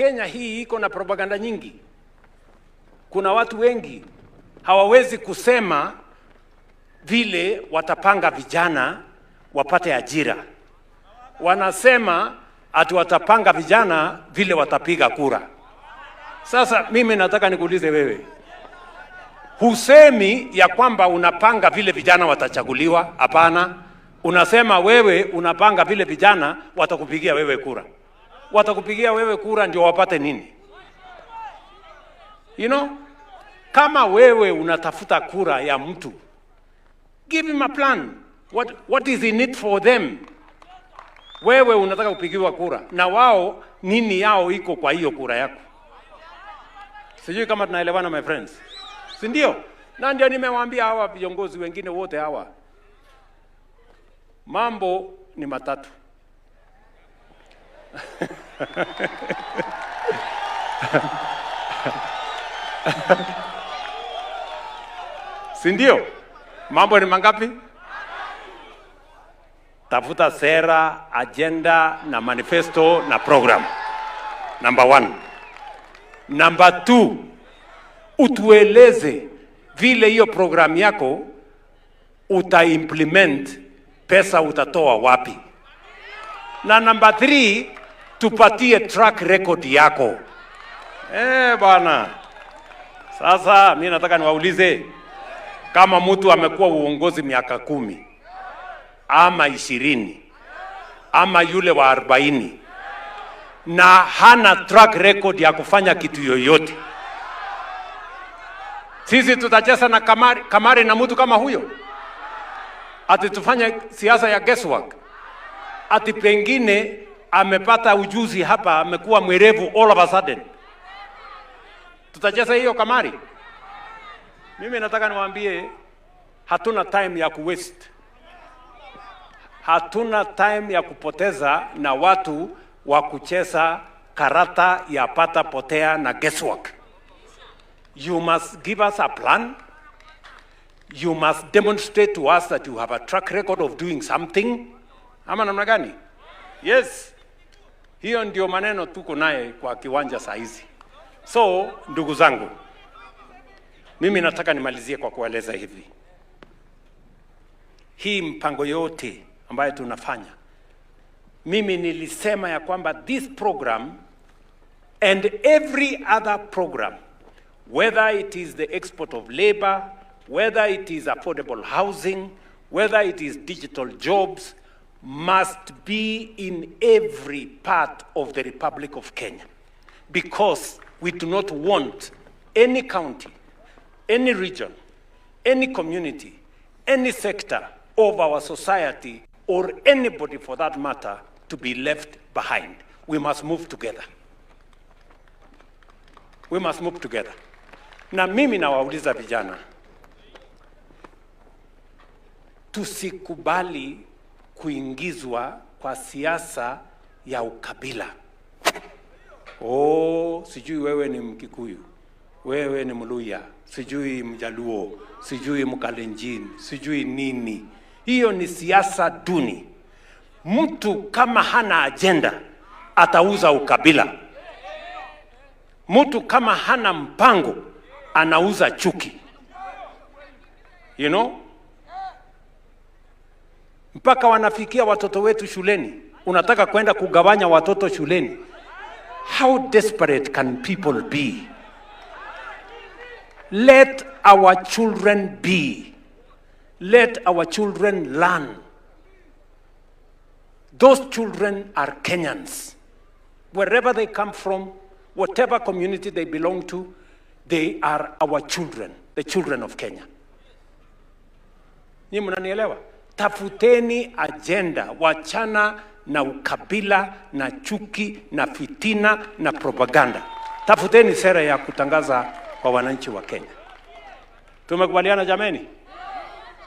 Kenya hii iko na propaganda nyingi. Kuna watu wengi hawawezi kusema vile watapanga vijana wapate ajira, wanasema ati watapanga vijana vile watapiga kura. Sasa mimi nataka nikuulize wewe, husemi ya kwamba unapanga vile vijana watachaguliwa? Hapana, unasema wewe unapanga vile vijana watakupigia wewe kura watakupigia wewe kura ndio wapate nini? You know, kama wewe unatafuta kura ya mtu, give him a plan. What, what is in it for them? Wewe unataka kupigiwa kura na wao, nini yao iko kwa hiyo kura yako? Sijui kama tunaelewana my friends, si ndio? Na ndio nimewaambia hawa viongozi wengine wote hawa, mambo ni matatu sindio Mambo ni mangapi? Tafuta sera, agenda na manifesto na program. Number one. Number two, utueleze vile hiyo programu yako utaimplement, pesa utatoa wapi? Na number three, tupatie track record yako. Eh, bwana. Sasa mi nataka niwaulize kama mtu amekuwa uongozi miaka kumi ama ishirini ama yule wa arobaini na hana track record ya kufanya kitu yoyote, sisi tutacheza na kamari, kamari na mtu kama huyo? Ati tufanye siasa ya guesswork? Ati pengine amepata ujuzi hapa, amekuwa mwerevu all of a sudden. Tutacheza hiyo kamari? Mimi nataka niwaambie hatuna time ya kuwaste, hatuna time ya kupoteza na watu wa kucheza karata ya pata potea na guesswork. You must give us a plan. You must demonstrate to us that you have a track record of doing something. Ama namna gani? Yes. Hiyo ndio maneno tuko naye kwa kiwanja saa hizi. So ndugu zangu, mimi nataka nimalizie kwa kueleza hivi, hii mpango yote ambayo tunafanya, mimi nilisema ya kwamba this program and every other program whether it is the export of labor whether it is affordable housing whether it is digital jobs must be in every part of the Republic of Kenya because we do not want any county, any region, any community, any sector of our society, or anybody for that matter, to be left behind. We must move together. We must move together. Na mimi nawauliza vijana, tusikubali kuingizwa kwa siasa ya ukabila. Oh, sijui wewe ni Mkikuyu, wewe ni Mluya, sijui Mjaluo, sijui Mkalenjin, sijui nini. Hiyo ni siasa duni. Mtu kama hana ajenda atauza ukabila. Mtu kama hana mpango anauza chuki, you know mpaka wanafikia watoto wetu shuleni. Unataka kwenda kugawanya watoto shuleni? How desperate can people be? Let our children be. Let our children learn. Those children are Kenyans. Wherever they come from, whatever community they belong to, they are our children, the children of Kenya. Ni mnanielewa? Tafuteni ajenda, wachana na ukabila na chuki na fitina na propaganda. Tafuteni sera ya kutangaza kwa wananchi wa Kenya. Tumekubaliana jameni?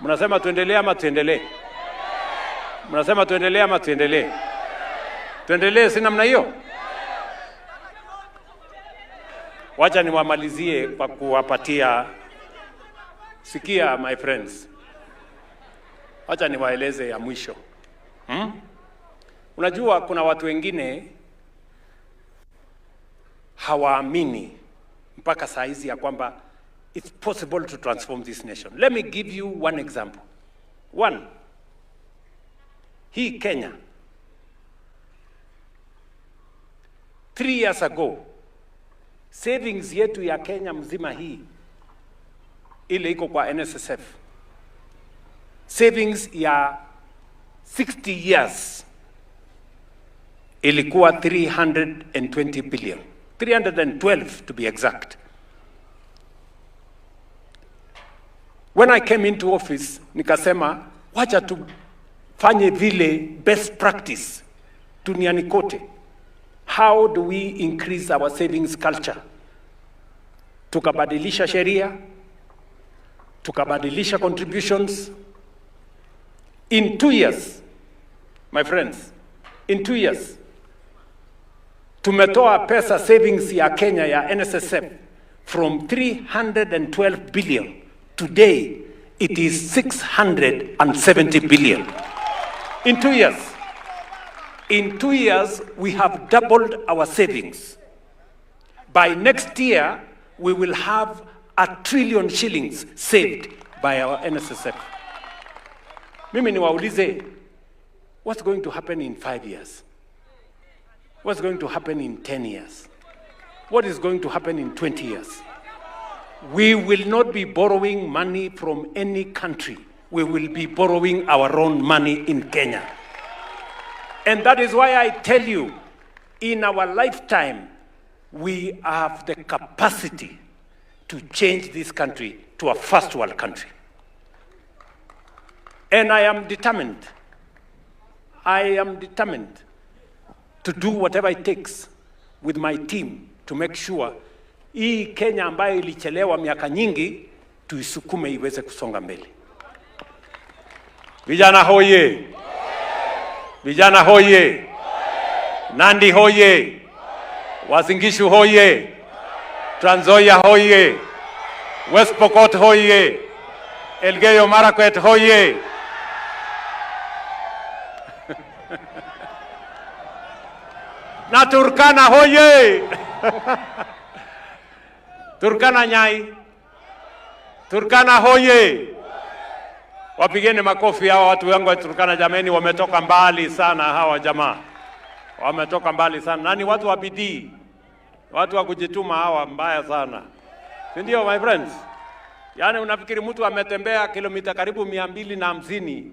Mnasema tuendelee ama tuendelee? Mnasema tuendelee ama tuendelee? Tuendelee, si namna hiyo. Wacha niwamalizie kwa kuwapatia, sikia my friends Acha niwaeleze ya mwisho hmm? Unajua kuna watu wengine hawaamini mpaka saa hizi ya kwamba it's possible to transform this nation. Let me give you one example. One, hii Kenya three years ago savings yetu ya Kenya mzima hii ile iko kwa NSSF savings ya 60 years ilikuwa 320 billion 312 to be exact when i came into office nikasema wacha tufanye vile best practice duniani kote how do we increase our savings culture tukabadilisha sheria tukabadilisha contributions in two years, my friends, in two years tumetoa pesa savings ya Kenya ya NSSF from 312 billion today it is 670 billion in two years in two years we have doubled our savings by next year we will have a trillion shillings saved by our NSSF mimi niwaulize, what's going to happen in five years? What's going to happen in 10 years? What is going to happen in 20 years? We will not be borrowing money from any country. We will be borrowing our own money in Kenya. And that is why I tell you, in our lifetime, we have the capacity to change this country to a first world country. And I am determined. I am determined to do whatever it takes with my team to make sure hii Kenya ambayo ilichelewa miaka nyingi tuisukume iweze kusonga mbele. Vijana hoye! Vijana hoye! Nandi hoye! Wazingishu hoye! Trans Nzoia hoye! West Pokot hoye! Elgeyo Marakwet hoye! na Turkana hoye! Turkana Nyai, Turkana hoye! Wapigeni makofi hawa watu wangu wa Turkana, jameni, wametoka mbali sana hawa jamaa, wametoka mbali sana nani, watu wa bidii, watu wa kujituma hawa, mbaya sana, si ndio my friends? Yaani unafikiri mtu ametembea kilomita karibu mia mbili na hamsini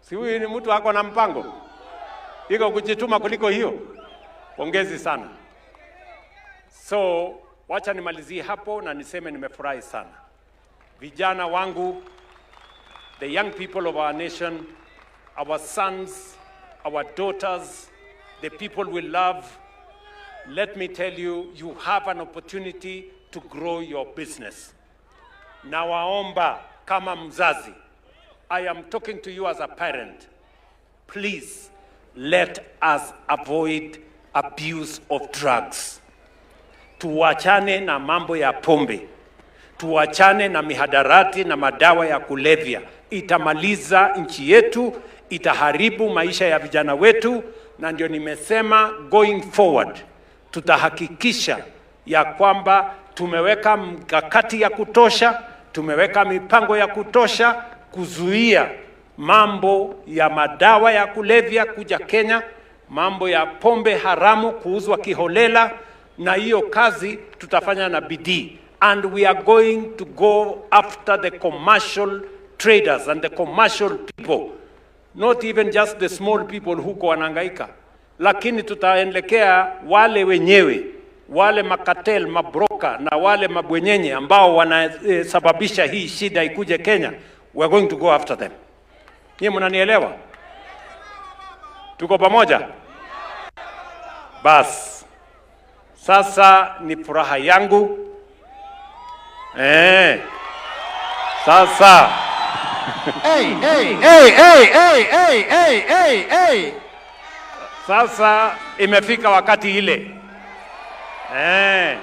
si huyu ni mtu ako na mpango, iko kujituma kuliko hiyo. Pongezi sana. So wacha nimalizie hapo na niseme nimefurahi sana. Vijana wangu, the young people of our nation, our sons, our daughters, the people we love, let me tell you, you have an opportunity to grow your business. Nawaomba kama mzazi, I am talking to you as a parent, please let us avoid abuse of drugs. Tuachane na mambo ya pombe, tuachane na mihadarati na madawa ya kulevya. Itamaliza nchi yetu, itaharibu maisha ya vijana wetu, na ndio nimesema going forward tutahakikisha ya kwamba tumeweka mkakati ya kutosha, tumeweka mipango ya kutosha kuzuia mambo ya madawa ya kulevya kuja Kenya mambo ya pombe haramu kuuzwa kiholela, na hiyo kazi tutafanya na bidii, and we are going to go after the commercial traders and the commercial people, not even just the small people huko wanahangaika, lakini tutaelekea wale wenyewe wale makatel mabroka na wale mabwenyenye ambao wanasababisha eh, hii shida ikuje Kenya. We are going to go after them. Nyie mnanielewa? Tuko pamoja? Basi sasa ni furaha yangu eh, sasa hey, hey, hey, hey, hey, hey, hey, hey. Sasa imefika wakati ile eh,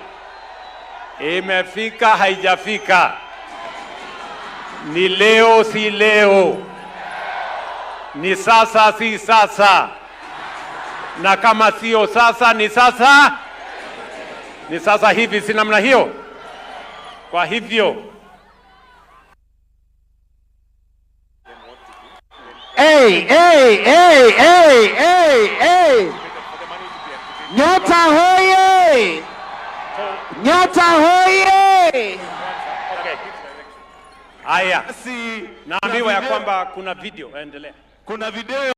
imefika haijafika, ni leo si leo ni sasa, si sasa, na kama sio sasa ni sasa, ni sasa hivi, si namna hiyo. Kwa hivyo hey, hey, hey, hey, hey, hey. Nyota hoye! Nyota hoye! Haya, naambiwa ya kwamba kuna video, endelea. Kuna video